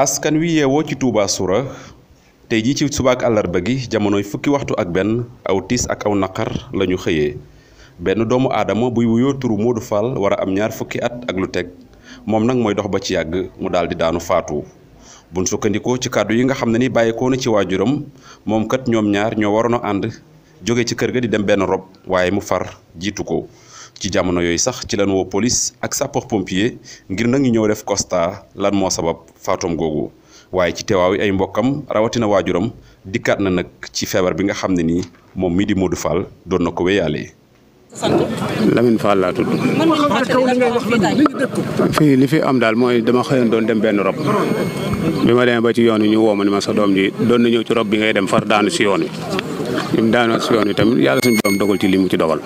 askan wi yeewoo ci Touba Soura tey jii ci subaak àllarba gi jamonoy fukki waxtu ak benn aw tiis ak aw naqar lañu xëyee benn doomu aadama buy wuyoo turu Modou Fall war a am ñaar fukki at ak lu teg moom nag mooy dox ba ci yàgg mu daal di daanu faatu buñ sukkandikoo ci kàddu yi nga xam ne ni bàyyikoo na ci waajuram moom kat ñoom ñaar ñoo waroon a ànd jóge ci kër ga di dem benn rob waaye mu far jiitu ko ci jamono yooyu sax ci lan woo police ak sapeur pompier ngir nag ñu ñëw def costa lan moo sabab fatom googu waaye ci teewaaw yi ay mbokam rawatina waajuram dikkaat na nag ci feebar bi nga xam ne nii moom mii di Modou Fall doon na ko wéyaale. Lamine Fall laa fii li fi am daal mooy dama xëyoon doon dem benn rob bi ma demee ba ci yoon wi ñu woo ma ni ma sa doom ji doon na ñëw ci rob bi ngay dem far daanu si yoon wi. bi mu si yoon wi tamit yàlla suñu borom dogal ci li mu ci dogal.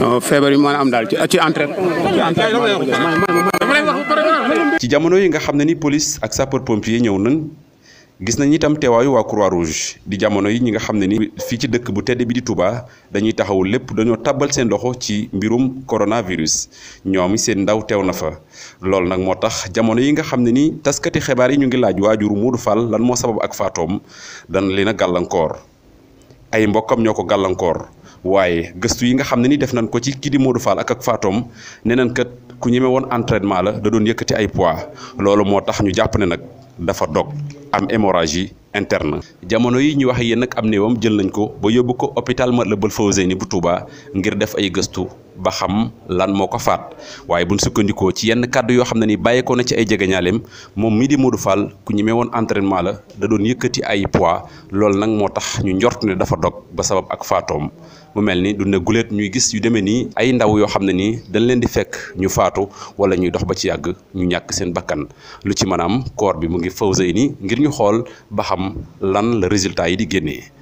waaw feebar yi am daal ci ci entrain ci jamono yi nga xam ne ni police ak sapeur pompier ñëw nañ. gis nañ itam teewaayu wa croix rouge di jamono yi ñi nga xam ne ni fii ci dëkk bu tedd bi di Touba dañuy taxaw seen loxo ci mbirum coronavirus ñoom seen ndaw teew na fa loolu nag moo tax jamono yi nga xam ni taskati xibaar ñu ngi laaj Fall lan moo sabab ak dan lena galangkor gàllankoor ay mbokkam ñoo ko gàllankoor waaye gëstu yi nga xam ni def nañ ko ci kii di Modou Fall ak ak faatoom nee kat ku ñeme woon entraînement la da doon ay poids loolu ñu ne dafa dog am hémorragie interne. jamono yi ñu wax yéen nag am néewam jël nañ ko ba yóbbu ko la hôpital Matlaboul ni bu Touba ngir def ay gëstu. ba xam lan moo ko faat waaye buñ sukkandikoo ci yenn kàddu yoo xam ne ni bàyyeekoo na ci ay jegeñaaleem moom mii di Modou Fall ku ñemee woon entraînement la da doon yëkkati ay poids loolu nag moo tax ñu njort ne dafa dog ba sabab ak faatoom mu mel ni du ne guleet ñuy gis yu demee nii ay ndaw yoo xam ne nii dañ leen di fekk ñu faatu wala ñuy dox ba ci yàgg ñu ñàkk seen bakkan lu ci maanaam koor bi mu ngi fawsé ni ngir ñu xool ba xam lan la résultat yi di génnee